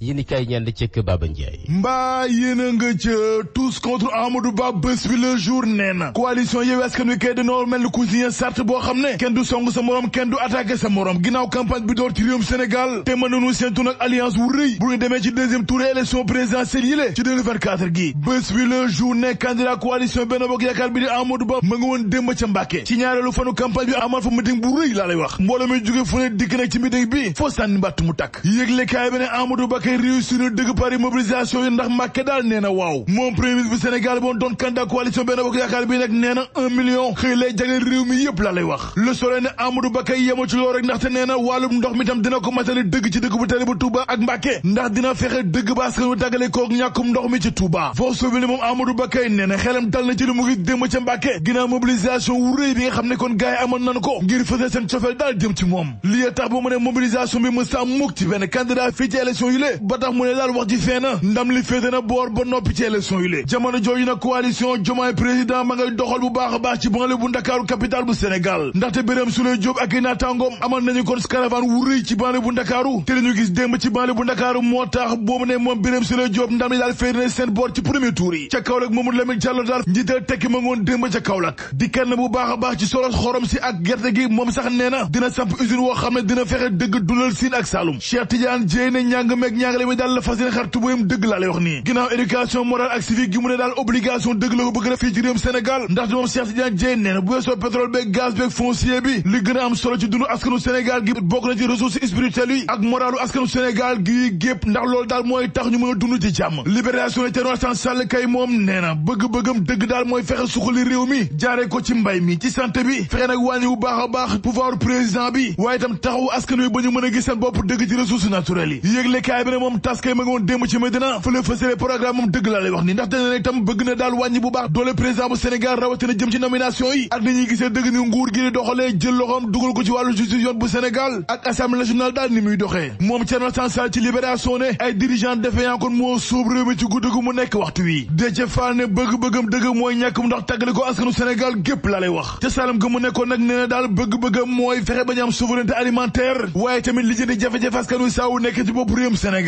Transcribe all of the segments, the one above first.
yéen kay ñand cëkk Baba Ndiaye mbaa yéen a nga ca tous contre Amadou Ba bés bi le jour na coalition Yewwi Askan Wi kay dañoo mel ni cuisinier sart boo xam ne kenn du song sa morom kenn du attaqué sa morom ginnaaw campagne bi door ci réewum Sénégal te mën nañu seentu nag alliance wu rëy bu demee ci deuxième tour élection présidentielle yi lé ci 2024 gi bés bi le jour ne candidat coalition Benno Bokk bi di Amadou Ba ma nga woon ca Mbàkke ci ñaareelu fanu campagne bi amal fa meeting bu rëy laa lay wax mbooloo mi jóge fu ne dikk nag ci meeting bi foo sànni mbàtt mu tàkk yëgle kaay kay réussir na dëgg pari mobilisation yi ndax Macky daal nee waaw moom premier ministre Sénégal boon doon candidat coalition Benno Bokk Yaakaar bi nag nee un million xëy lay jagleel réew mi yëpp lay wax le soleil ne Amadou Ba kay yemo ci loolu rek ndaxte nee na wàllum ndox mi tam dina ko matale dëgg ci dëkk bu tali bu Touba ak Mbacké ndax dina fexe dëgg ba askan wi tàggale ñàkkum ndox mi ci Touba foo souveni moom Amadou Ba kay nee na xelam dal na ci lu mu ngi démb ca Mbacké bi ba tax mu ne daal wax ji fee ndam li féete na boor ba noppi ci élection yu lee jamono jooju na coalition Diomaye président ma ngay doxal bu baax a baax ci banlieue bu Ndakaaru capitale bu Sénégal ndaxte Birame Souleye Diop ak i naataangoom amal nañu kon caravane wu rëy ci banlieue bu Ndakaaru te lañu gis démb ci banlieue bu Ndakaaru moo tax boobu ne moom Birame Souleye Diop ndam li daal féete na seen boor ci premier tour yi ca Kaolack Mamadou Lamine Diallo daal njiital tekki ma ngoon démb ca Kaolack dikkat na bu baax a baax ci solos xorom si ak gerte gi moom sax nee na dina samp usine woo ne dina fexe dëgg dulal siin ak Saloum Cheikh Tidiane Dièye ne ñàng meeg ñaangali bi daal la fas yéene xar tubóyam dëgg laa lay wax nii ginnaaw éducation morale ak civique gi mu ne daal obligation a ndax moom Cheikh Tidiane Dièye bi li gën a am Sénégal gi bokk na ci ressources spirituelles yi ak moralu askanu Sénégal gi gépp ndax loolu daal mooy tax ñu mën a dund ci jàmm libération Thierno Alassane Sall kay moom nee na bëgg-bëggam dëgg daal mooy fexe suxali réew mi jaare ko ci mbay mi ci santé bi fexe nag wàññi bu baax a président bi waaye itam taxaw askan wi ba ñu mën a gis seen bopp dëgg ci ressources naturelles yi moom tas kay ma nga woon démb ci Medina fa la fësale programme moom dëgg laa lay wax ni ndax dana ne itam bëgg na daal wàññi bu baax doole président bu Sénégal rawatina jëm ci nomination yi ak nañuy gisee dëgg ni nguur gi di doxalee jël loxoom dugal ko ci wàllu justice bu Sénégal ak assemblée nationale daal ni muy doxee moom Thierno Alassane Sall ci libération ne ay dirigeant defeyant kon moo sóob réew mi ci guddi gu mu nekk waxtu wi Déthié Fall ne bëgg-bëggam laa lay wax ca Saalum nekkoon nag nee na daal bëgg mooy fexe ba ñu am waaye tamit li jënd jafe-jafe askan wi saa wu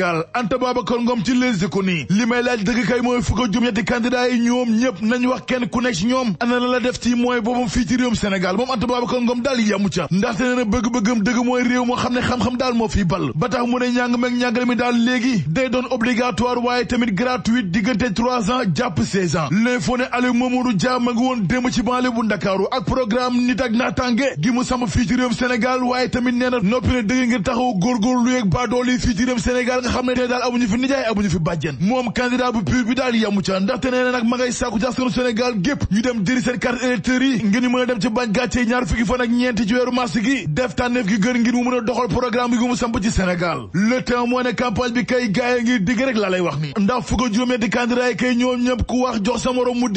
Sénégal Anta Babacar Ngom ci Les Échos nii li may laaj dëgg kay mooy fukk ak juróom-ñetti candidat yi ñoom ñëpp nañ wax kenn ku ci ñoom ana la def ci mooy boobam fii ci Sénégal moom Anta Babacar Ngom daal yamu ca ndaxte nee bëgg-bëggam mooy réew moo xam ne xam-xam daal moo fii bal ba tax mu ne ñàng meeg ñàngale mi daal léegi day doon obligatoire waaye tamit gratuite diggante trois ans jàpp seize ans l'info ne Aliou Mamadou Dia ma ngi woon démb ci banlieue xam ne daal amuñu fi nijaay amuñu fi bàjjen moom candidat bu pur bi daal yamu ca ndaxte nee na nag ma ngay sàkku ci askanu Sénégal gépp ñu dem jëri seen carte électeur ngir ñu mën a dem ci bañ gàcce ñaar fukki fan ak ñeenti ci weeru mars gi def tànneef gi gën ngir mu mën a doxal programme bi mu samp ci Sénégal le temps moo ne campagne bi kay gaay ngir digg rek laa lay wax ni ndax fukk juróom-ñetti candidat kay ñoom ñëpp ku wax jox sa morom mu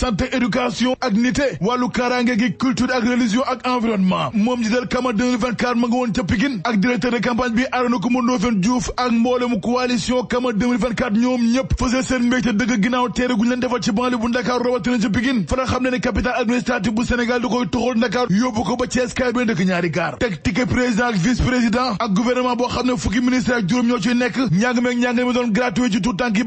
diggee santé éducation ak nité wàllu kaaraange gi culture ak religion ak environnement moom njiital kama 2024 ma ca Pikine ak directeur de campagne bi Arona Coumba Ndoffène Diouf ak mboolemu coalition kama ñoom ñëpp fasee seen mbégte dëgg ginnaaw teere guñ leen defal ci banlieue bu Ndakaar rawatina ci Pikine fana xam ne ne capital administratif bu Sénégal da koy toxal Ndakaar yóbbu ko ba Thiès kaay bee ndëkk ñaari gaar teg ticket président ak vice président ak gouvernement boo xam ne fukki ministre ñoo nekk ñaangi meeg ñaangi mi doon gratuit ci tout tànk yi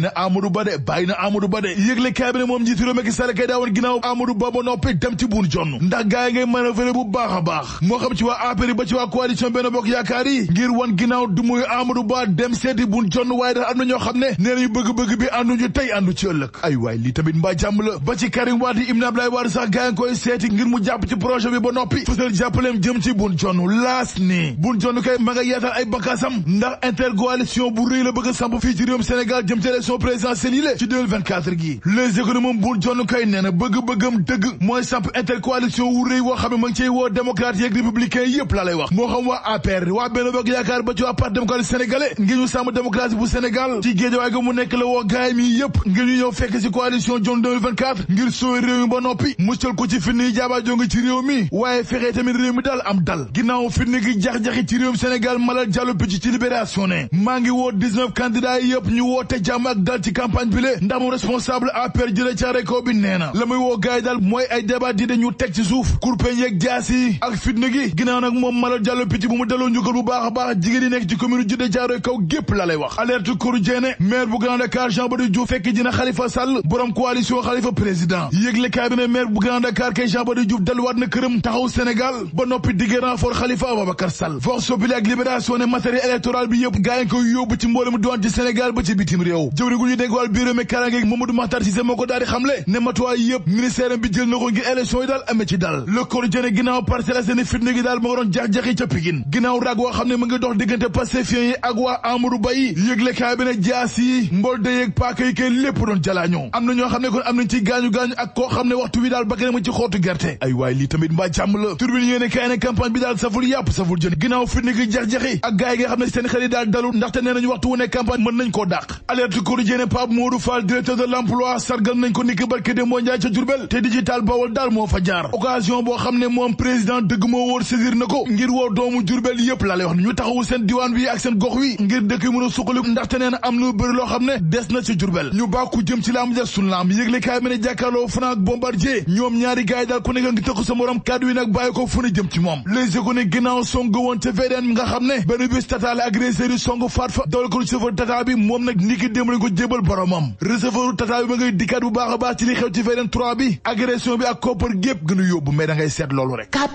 bàyyi na Amadou Ba de bàyyi na Amadou Ba de yëgle kaay moom njiitu réew Macky Sall kay daawoon ginnaaw Amadou Ba ba noppi dem ci buun jonn ndax gaa yi ngay manœuvrer bu baax a baax moo xam ci waa APR ba ci waa coalition Benno Bokk Yaakaar yi ngir wan ginnaaw du muy Amadou Ba dem seeti buun jonn waaye daal am na ñoo xam ne nee nañu bëgg-bëgg bi ànduñu tey àndu ci ëllëg ay waay lii tamit mbaa jàmm la ba ci Karim Wade Ibn Abdoulaye Wade sax gaa yi koy seeti ngir mu jàpp ci projet bi ba noppi fësal jàppaleem jëm ci buun jonn laas ni buun jonn ma nga ay bakaasam ndax intercoalition bu rëy la bëgg a fii ci réewum Sénégal jëm ci élection présidentielle yi lé ci 2024 gi les économes moom buur jonn kay nee na bëgg-bëggam dëgg mooy samp ngir ñu sàmm démocratie bu Sénégal ci géejawaay ga mu nekk la woo gaay mi yépp ngir ñu ñëw fekk ci coalition Dionne ngir sooy réew mi ba noppi muccal ko ci fitna yi jaabaa ci réew mi waaye fexee tamit réew mi daal am dal ginnaaw fitna gi jax-jaxi ci réewum Sénégal malal jàllu picc ci libération ne maa ngi woo 19 candidats yépp ñu woote jàmm ak dal ci campagne bile le ndamu responsable APR jële ca rekoo bi nee na la muy woo gaay daal mooy ay débat di ñu teg ci suuf kurpeñ yeeg jaas yi ak fitna gi ginnaaw nag moom Malal Diallo picc bu mu delloo njukkal bu baax a baax jigéen yi nekk ci commune Djiddah Thiaroye Kaw gépp la lay wax alerte Quotidien maire bu Grand Dakar Jean Baptiste Diouf fekk dina xalifa Sall borom coalition Khalifa président yëgle kaay bi ne maire bu Grand Dakar kay Jean Baptiste Diouf delluwaat na këram taxaw Sénégal ba noppi diggé renfort Khalifa Ababacar Sall vox populi ak libération ne matériel bi yëpp gaay ngi koy yóbbu ci mboolem doon ci ba ci jëwrigu ñu dénk wàll bureau mi karangeeg Mamadou Makhtar Cissé moo ko daal di xamle ne matuwaay yëpp ministère bi jël na ko ngir élection yi daal amee ci daal le Quotidien ginnaaw daal moo doon jax-jaxi ca Pikine rag woo xam ne mu ngi dox diggante Pastefien yi ak waa Amadou Ba yi yëglekaay bi ne jaas yi mbol de yeeg paaka yi kay lépp doon jalaañoo am na ñoo xam ne kon am nañ ci gaañu-gaañu ak koo xam ne waxtu wi daal bakkanam ci xootu gerte Dieng Pape Modou Fall directeur de l'emploi sargal nañ ko niki barke de moo njaay ca Jurbel te digital Bawol daal moo fa jaar occasion boo xam ne moom président dëgg moo wóor saisir na ko ngir woo doomu Jurbel yëpp laa lay wax ne seen diwaan wi ak seen gox wi ngir dëkk yi mën a suqali ndaxte nee am lu bëri xam ne des na ci Jurbel ñu bàkku jëm ci lamb ja sun lamb yëgle kaay mel ne jàkkaarloo Bombardier ñoom ñaari gaay daal ku nekk ngi jébal boromam receveur tata bi ma ngay dikkaat bu baax a baax ci li xew ci feneen 3 bi agression bi ak koppar gépp gënu yóbbu mais da ngay seet loolu rek